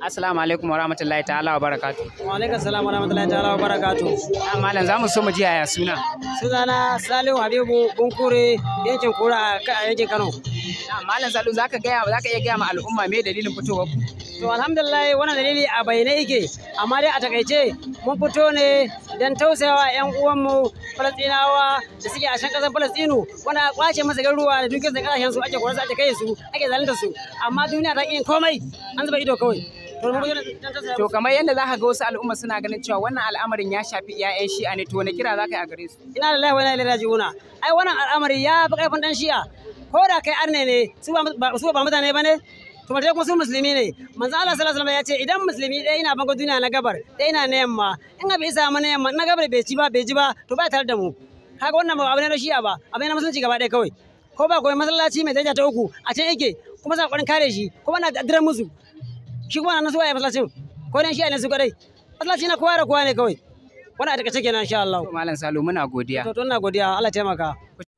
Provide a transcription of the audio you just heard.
Assalamu alaikum wa rahmatullahi ta'ala wa barakatu. Wa alaikum salam wa rahmatullahi ta'ala wa barakatu. Na ah, malam zamu so mu ji yaya suna. Sunana Salihu Habibu Bunkure yankin Kura a yankin Kano. Na ah, malam Salihu zaka ga zaka iya gaya ma al'umma me dalilin fitowar ku? To alhamdulillah wannan dalili a bayyane yake amma dai a takaice mun fito ne don tausayawa 'yan uwanmu Falastinawa da suke a can ƙasar Falastinu wanda a kwace masa garuruwa da dukiyar da ƙasashen su ake kwarasa ake kai su ake zalunta su amma duniya ta ƙin komai an zuba ido kawai. To kamar yadda za ka ga wasu al'umma suna ganin cewa wannan al'amarin ya shafi iyayen shi'a ne to wani kira za ka yi a gare su? Ina lillahi wa inna ilaihi raji'una. Ai wannan al'amari ya fi ƙarfin dan shi'a. Ko da kai arne ne su ba mutane ba ne? kuma dai kuma su musulmi ne manzo Allah sallallahu alaihi wasallam ya ce idan musulmi ɗaya ina bango duniya na gabar ɗaya ina na yamma in ga isa mana yamma na gabar bai ci ba bai ji ba to ba tare da mu kaga wannan ba abin na shi'a ba abin na musulunci gaba ɗaya kawai ko ba kawai masallaci mai daraja ta uku a can yake kuma sa ƙoƙarin kare shi kuma na addiran musu shi kuma nan su waye masallacin ko ne shi ne su kadai masallaci na kowa da kowa ne kawai wannan a take kenan insha Allah malam Salo muna godiya to to ina godiya Allah taimaka